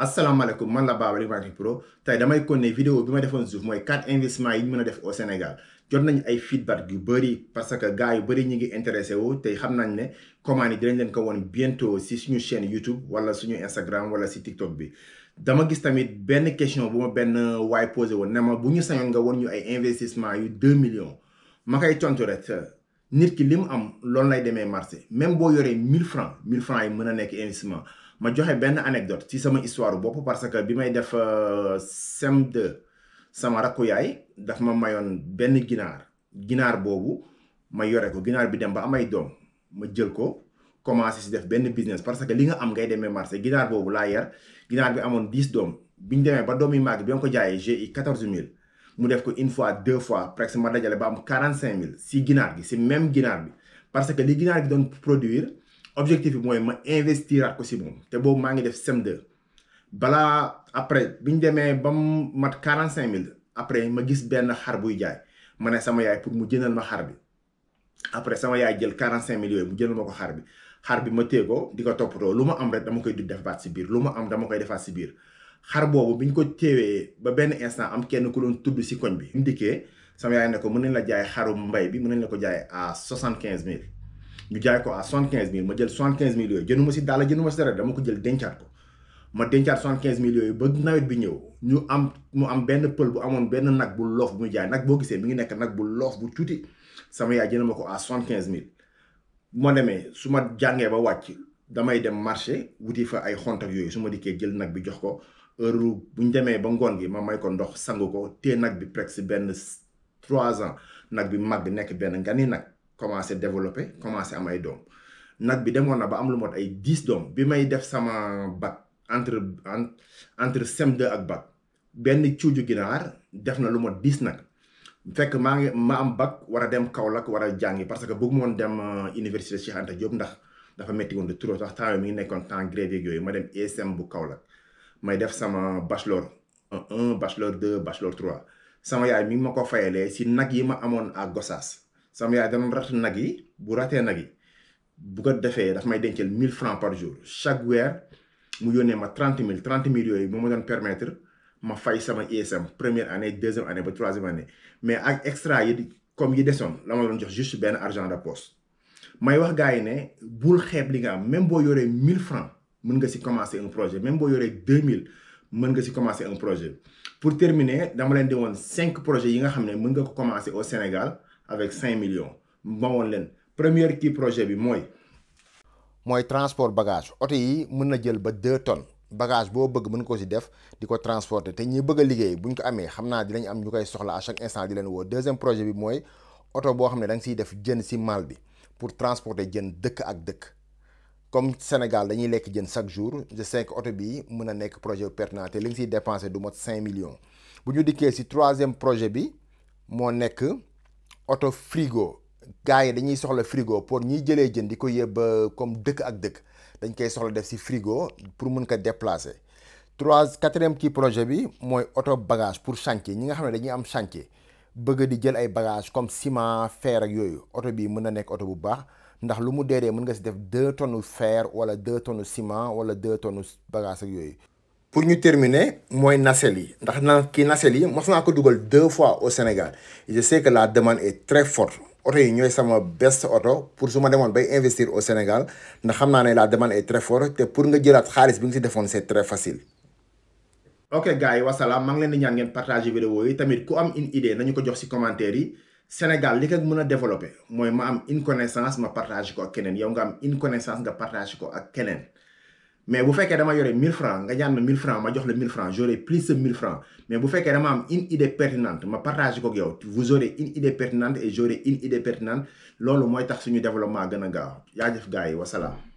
Assalamu asalaamaaleykum man la Baba Marketing Pro tay damay continuer vidéo bima ma defoon moy 4 investissements yi ñu mën def au Sénégal jot nañ ay feedback yu bari parce que gars yu bari ñi ngi intéressé wu tay xam nañ né commandes yi dinañ leen ko won bientôt ci suñu chaîne YouTube wala suñu Instagram wala ci TikTok bi. dama gis tamit benn question buma ma way poser won woon ne ma bu ñu nga won ñu ay investissement yu 2 millions ma koy tontu rek. nit ki lim am loolu lay démé marché même bo yoré 1000 francs 1000 francs yi mën nek investissement ma joxe ben anecdote ci sama histoire bop parce que bi may def euh, sem 2 sama rakku yaay daf ma mayon ben ginar ginar bobu ma yoré ko ginar bi dem ba amay dom ma jël ko commencé ci def ben business parce que li nga am ngay démé marché ginar Ginar la yar ginar bi amone 10 dom biñ démé ba yi bi ko jaay GI 14000 mu def ko une fois deux fois presque ma dajalé ba am 45000 si ginar, gi si même ginar bi parce que li ginar gi produire objectif moy ma investir ak si mom té bo ma ngi def sem de bala après biñ démé bam mat 45000 après ma gis ben xar buy jaay mané sama yaay pour mu jëndal ma xar bi après sama yaay jël 45000 yoy mu jëndal mako xar bi xar bi ma téye ko di ko toppatoo Luma am rek dama koy du defaat si biir lu am dama koy defaat ci biir xar bobu biñ ko téwé ba ben instant am kenn ku doon tudd ci koñ bi. indiqué sama yaay ne ko mën la jaay xaru mbay bi mën la ko jaay à 75000 ñu jaay ko à soixante quinze mille ma jël cent quinze mille yooyu jënduma si daala jënduma si dara dama ko jël dencaat ko ma dencaat soixante quinze mille yooyu ba nawet bi ñëw ñu am mu am benn pël bu amoon benn nag bu loof bu ñu jaay nag boo gisee mi ngi nekk nag bu loof bu tuuti sama yaay jënd ma ko à soixante quinze mille bu ma demee su ma jàngee ba wàcc damay dem marché wuti fa ay xont yooyu su ma dikkee jël nag bi jox ko heure bu ñu demee ba ngoon gi ma may ko ndox sangu ko téye nag bi presque benn trois ans nag bi mag nekk benn nga nag commencé développer commencé à ay doom nag bi demoon na ba am lu mot ay bi may def sama bac entre entre CM2 ak bac benn cuuju ginar def na lu mot dix nag fekk ma am bac war dem Kaolack wara jangi parce que bëgg dem euh, université Cheikh Anta job ndax dafa meti woon de trop sax temps mi ngi nekkoon temps grève yeeg ma dem ESM bu Kaolack may def sama bachelor un bachelor deux bachelor trois sama yaay mi ma si nag yi ma amoon à Gossas sama yaay danoon rat nag yi bu ratee nag yi bu ko defee daf may dencal 1000 francs par jour chaque weer mu yónnee ma 30 000 30 000 yooyu moo ma doon permettre ma fay sama ISM première année deuxième année ba troisième année mais ak extra comme yi desoon la ma doon jox juste benn argent de poste. may wax gars yi ne bul xeeb li nga am même boo yoree 1000 francs mën nga si commencer un projet même boo yoree 2000 mën nga si commencer un projet pour terminer dama leen di woon 5 projets yi nga xam mën nga ko commencer au Sénégal avec 5 millions Bon, woon leen première qui projet bi mooy. mooy transport bagage oto yi mën na jël ba 2 tonnes bagage bo bëgg mën ko ci def di ko transporter té ñi bëgg liggéey buñ ko amé xamna di lañ am ñukay soxla à chaque instant di leen wo deuxième projet bi moy auto bo xamné ne da nga ciy def jën ci mal bi pour transporter jën dëkk ak dëkk. comme Sénégal dañuy lekk jën chaque jour je sais que oto bii mën nekk projet pertinent té li nga siy dépensé du mot 5 millions buñu dikké ci troisième projet bi mo nekk oto frigo gars yi dañuy soxla frigo pour ñuy jëlee jën di ko yëbb euh, comme dëkk ak dëkk dañ koy soxla def si frigo pour mun ko déplacer. trois quatrième kii projet bi mooy oto bagage pour chantier ñi nga xam ne dañuy am chantier bëgg di jël ay bagage comme ciment fer ak yooyu oto bii mën na nekk oto bu baax ndax lu mu deedee mën nga si def deux tonnes fer wala deux tonnes ciment wala deux tonnes bagage ak yooyu pour nous terminer mooy nasel yi ndax na kii nasel yi mos ko dugal deux fois au Sénégal je sais que la demande est très forte oto yi ñooy sama best auto pour su ma demoon bay investir au Sénégal ndax xam naa ne la demande est très forte te pour nga jëlaat xaalis bi nga si c'est très facile. ok gars wa wasalaam maa ngi leen di ñaan ngeen partager vidéo yi tamit ku am une idée nañu ko jox si commentaire yi Sénégal li ko mën développer Moi, ma am une connaissance ma partage ko ak keneen yow nga am une connaissance nga partage ko ak mais bu fekkee dama yore 1000 francs nga ñaan 1000 francs ma jox 1000 francs j'aurai plus de 1000 francs mais bu fekkee dama am une idée pertinente ma partage ko vous, vous aurez une idée pertinente et j'aurai une idée pertinente c'est ce tax suñu développement gën a y'a jëf